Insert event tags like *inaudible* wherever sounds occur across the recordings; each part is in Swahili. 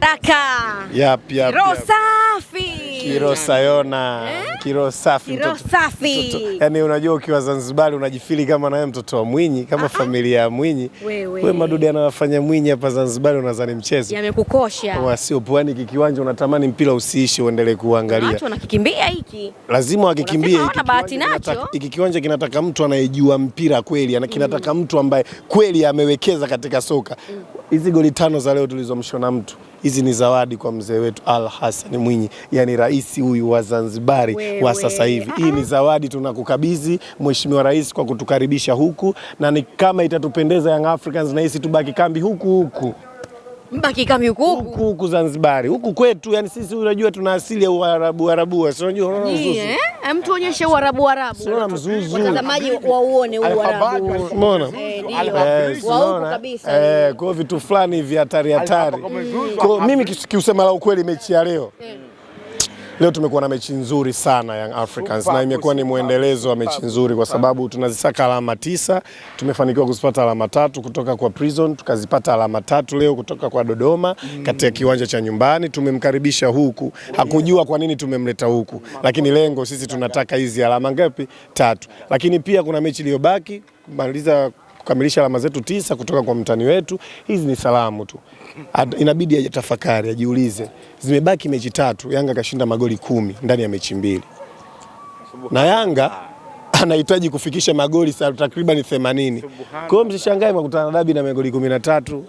nataka yep, yep, kiro yep. safi. Kiro sayona. Eh? Kiro safi. Kiro mtoto, safi. mtoto. Yani unajua ukiwa Zanzibar unajifili kama nawe mtoto wa Mwinyi kama Aha. Ah. familia ya Mwinyi. Wewe. Wewe madudu anawafanya Mwinyi hapa Zanzibar unadhani mchezo. Yamekukosha. Kwa sio pwani kikiwanja unatamani mpira usiishi uendelee kuangalia. Watu wanakikimbia hiki. Lazima wakikimbie hiki. Hawana bahati nacho. Hiki kiwanja kinataka mtu anayejua mpira kweli, kinataka mm. mtu ambaye kweli amewekeza katika soka. Mm. Hizi mm. goli tano za leo tulizomshona mtu hizi ni zawadi kwa mzee wetu Al Hassan Mwinyi, yani rais huyu wa Zanzibari wa sasa hivi. Hii ni zawadi tunakukabidhi Mheshimiwa Rais kwa kutukaribisha huku, na ni kama itatupendeza Young Africans na hisi tubaki kambi huku huku mbaki kama huku huku huku Zanzibari huku kwetu, yani sisi unajua tuna asili ya Uarabu Uarabu, si unajua unaona mzuzu eh, mtu onyeshe Uarabu Uarabu, unaona mzuzu, watazamaji wauone Uarabu, umeona eh, eh, wauko kabisa eh, kwa vitu fulani vya hatari hatari. Kwa mimi kiusema la ukweli, mechi ya leo eh. Leo tumekuwa na mechi nzuri sana Young Africans na imekuwa ni mwendelezo wa mechi nzuri, kwa sababu tunazisaka alama tisa. Tumefanikiwa kuzipata alama tatu kutoka kwa Prison, tukazipata alama tatu leo kutoka kwa Dodoma mm. katika kiwanja cha nyumbani. Tumemkaribisha huku, hakujua kwa nini tumemleta huku, lakini lengo sisi tunataka hizi alama ngapi? Tatu. Lakini pia kuna mechi iliyobaki kumaliza kukamilisha alama zetu tisa kutoka kwa mtani wetu. Hizi ni salamu tu, inabidi ajitafakari, ajiulize. Zimebaki mechi tatu, Yanga kashinda magoli kumi ndani ya mechi mbili na Yanga anahitaji kufikisha magoli takriban 80. Kwa hiyo msishangae makutana dabi na magoli 13.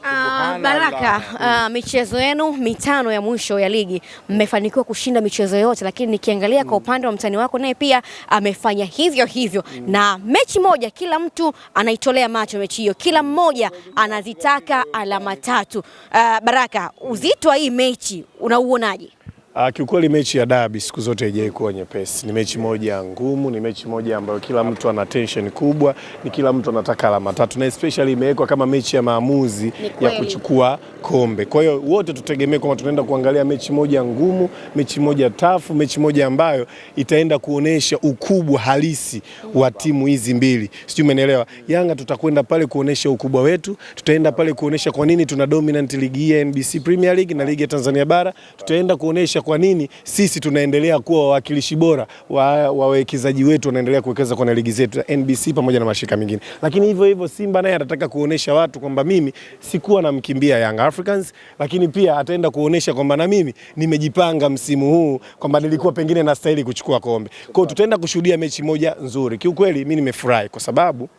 Baraka, uh, michezo yenu mitano ya mwisho ya ligi mmefanikiwa kushinda michezo yote, lakini nikiangalia mm. kwa upande wa mtani wako naye pia amefanya hivyo hivyo mm. na mechi moja kila mtu anaitolea macho mechi hiyo, kila mmoja anazitaka alama tatu. Uh, Baraka, uzito wa hii mechi unauonaje? Ah, kiukweli mechi ya dabi siku zote haijai kuwa nyepesi. Ni mechi moja ngumu, ni mechi moja ambayo kila mtu ana tension kubwa, ni kila mtu anataka alama tatu, na especially imewekwa kama mechi ya maamuzi ya kuchukua kombe. Kwa hiyo wote tutegemee kwamba tunaenda kuangalia mechi moja ngumu, mechi moja tafu, mechi moja ambayo itaenda kuonesha ukubwa halisi wa timu hizi mbili, sijui umeelewa. Yanga tutakwenda pale kuonesha ukubwa wetu, tutaenda pale kuonesha kwa nini tuna dominant ligi ya NBC Premier League na ligi ya Tanzania Bara, tutaenda kuonesha kuonyesha kwa nini sisi tunaendelea kuwa wawakilishi bora wa wawekezaji wetu wanaendelea kuwekeza kwenye ligi zetu NBC pamoja na mashirika mengine. Lakini hivyo hivyo Simba naye anataka kuonesha watu kwamba mimi sikuwa namkimbia Young Africans, lakini pia ataenda kuonesha kwamba na mimi nimejipanga msimu huu kwamba nilikuwa pengine nastahili kuchukua kombe. Kwa hiyo tutaenda kushuhudia mechi moja nzuri. Kiukweli mimi nimefurahi kwa sababu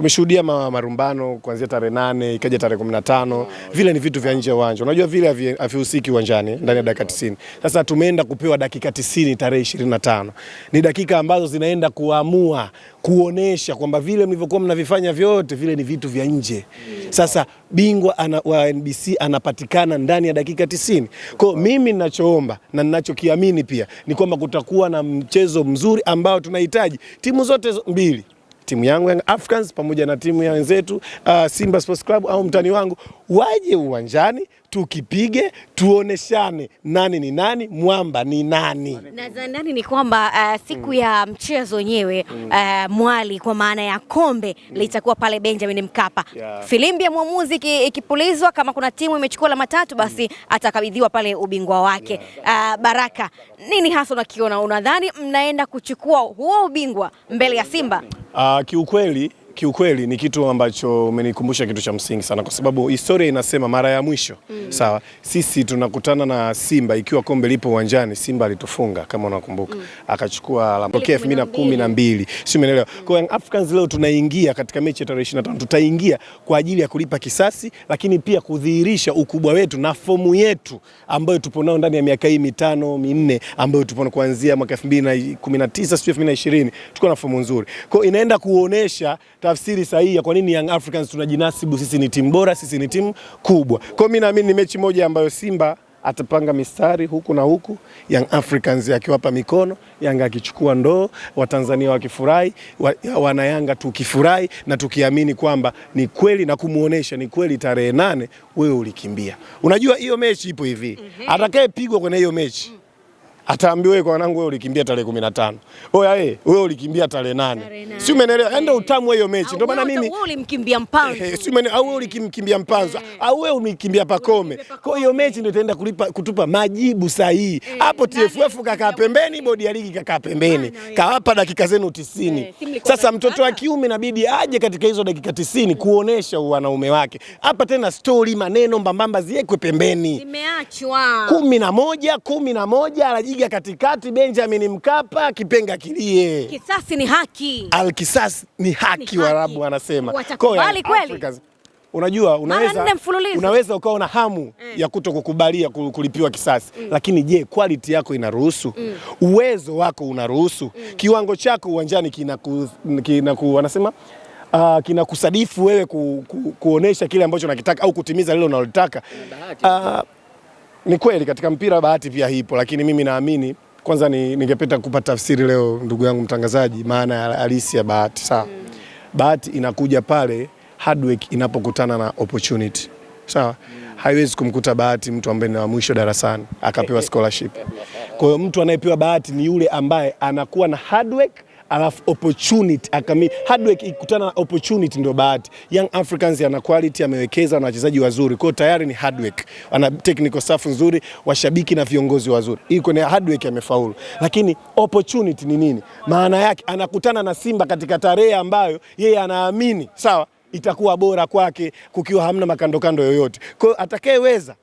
tumeshuhudia marumbano kuanzia tarehe nane ikaja tarehe kumi na tano. Vile ni vitu vya nje ya uwanja, unajua vile havihusiki uwanjani ndani ya dakika tisini. Sasa tumeenda kupewa dakika tisini tarehe ishirini na tano, ni dakika ambazo zinaenda kuamua kuonesha kwamba vile mlivyokuwa mnavifanya vyote vile ni vitu vya nje. Sasa bingwa ana, wa NBC anapatikana ndani ya dakika tisini. Kwa mimi ninachoomba na ninachokiamini pia ni kwamba kutakuwa na mchezo mzuri ambao tunahitaji timu zote mbili timu yangu Young Africans pamoja na timu ya wenzetu uh, Simba Sports Club au mtani wangu waje uwanjani tukipige tuoneshane nani ni nani, mwamba ni nani. Nadhani ni kwamba uh, siku mm. ya mchezo wenyewe uh, eh, mwali kwa maana ya kombe mm. litakuwa pale Benjamin Mkapa yeah. Filimbi ya mwamuzi ikipulizwa, kama kuna timu imechukua alama tatu, basi mm. atakabidhiwa pale ubingwa wake yeah. uh, Baraka, nini hasa unakiona, unadhani mnaenda kuchukua huo ubingwa mbele ya Simba? Uh, kiukweli kiukweli ni kitu ambacho umenikumbusha kitu cha msingi sana, kwa sababu historia inasema mara ya mwisho mm. Sawa, sisi tunakutana na Simba ikiwa kombe lipo uwanjani, Simba alitufunga kama unakumbuka mm. akachukua alama tokea 2012 si umeelewa? Mm. Kwa Africans leo tunaingia katika mechi ya tarehe 25, tutaingia kwa ajili ya kulipa kisasi, lakini pia kudhihirisha ukubwa wetu na fomu yetu ambayo tupo nao ndani ya miaka hii mitano minne ambayo tupo kuanzia mwaka 2019 sio 2020 tuko na fomu nzuri, kwa inaenda kuonesha tafsiri sahihi ya kwa nini Young Africans tunajinasibu sisi ni timu bora, sisi ni timu kubwa. Kwa mimi naamini ni mechi moja ambayo Simba atapanga mistari huku na huku, Young Africans akiwapa mikono, Yanga akichukua ndoo, Watanzania wakifurahi, wa, wana Yanga tukifurahi na tukiamini kwamba ni kweli na kumuonesha ni kweli, tarehe nane wewe ulikimbia. Unajua hiyo mechi ipo hivi, mhm. atakayepigwa kwenye hiyo mechi ataambiwa wewe, wanangu, wewe ulikimbia tarehe kumi na tano. Oya wewe, wewe ulikimbia tarehe nane, si umeelewa? Yaani ndio utamu hiyo mechi. Ndio maana mimi wewe ulimkimbia Mpanzu, si umeelewa? Au wewe ulikimkimbia Mpanzu, au wewe umekimbia Pakome. Kwa hiyo mechi ndio itaenda kulipa kutupa majibu sahihi hapo. TFF kakaa pembeni, bodi ya ligi kakaa pembeni, kawapa dakika zenu 90. Sasa mtoto wa kiume inabidi aje katika hizo dakika 90 kuonesha wanaume wake. Hapa tena story maneno mbambamba ziekwe pembeni. Zimeachwa 11 11 moja alaji piga katikati, Benjamin Mkapa, kipenga kilie. Kisasi ni haki, alkisasi ni haki, warabu wanasema. Watakubali kweli? Unajua, unaweza unaweza ukawa na hamu mm. ya kuto kukubalia kulipiwa kisasi mm. lakini je, quality yako inaruhusu mm. uwezo wako unaruhusu mm. kiwango chako uwanjani kinaku, kinaku, wanasema uh, ah, kinakusadifu wewe ku, ku, kuonesha kile ambacho unakitaka au kutimiza lile unalotaka uh, ni kweli katika mpira bahati pia ipo, lakini mimi naamini kwanza, ningependa kupata kupa tafsiri leo, ndugu yangu mtangazaji, maana ya halisi ya bahati. Sawa, mm. bahati inakuja pale hard work inapokutana na opportunity. Sawa, mm. haiwezi kumkuta bahati mtu ambaye ni wa mwisho darasani akapewa *laughs* scholarship. Kwa hiyo mtu anayepewa bahati ni yule ambaye anakuwa na hard work alafu opportunity akami hard work ikutana na opportunity ndio bahati. Young Africans ana quality, amewekeza na wachezaji wazuri, kwa tayari ni hard work, ana technical staff nzuri, washabiki na viongozi wazuri, iko ni hard work amefaulu. Lakini opportunity ni nini? Maana yake anakutana na Simba katika tarehe ambayo yeye anaamini sawa itakuwa bora kwake, kukiwa hamna makandokando yoyote. Kwa hiyo atakayeweza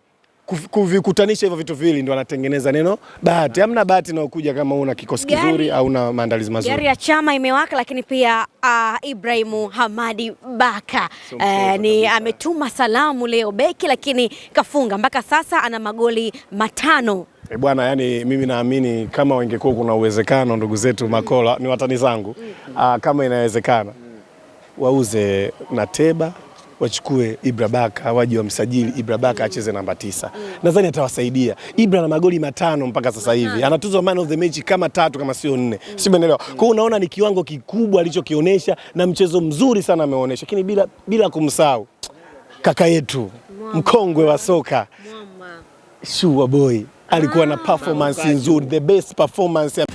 kuvikutanisha hivyo vitu viwili ndo anatengeneza neno bahati. Hamna bahati inayokuja kama una kikosi kizuri au una maandalizi mazuri. Gari ya chama imewaka, lakini pia uh, Ibrahimu Hamadi Baka uh, ni ametuma salamu leo beki, lakini kafunga mpaka sasa, ana magoli matano. E bwana, yani mimi naamini kama wangekuwa kuna uwezekano ndugu zetu Makola mm. ni watani zangu mm. uh, kama inawezekana mm. wauze teba wachukue Ibra Baka waje wamsajili Ibra Baka acheze namba tisa. Nadhani atawasaidia. Ibra na magoli matano mpaka sasa hivi, anatuzwa man of the match kama tatu kama sio nne, si umeelewa? Mm. Kwa hiyo unaona ni kiwango kikubwa alichokionyesha na mchezo mzuri sana ameonyesha, lakini bila, bila kumsahau kaka yetu mkongwe wa soka Sure boy alikuwa na performance nzuri, the best performance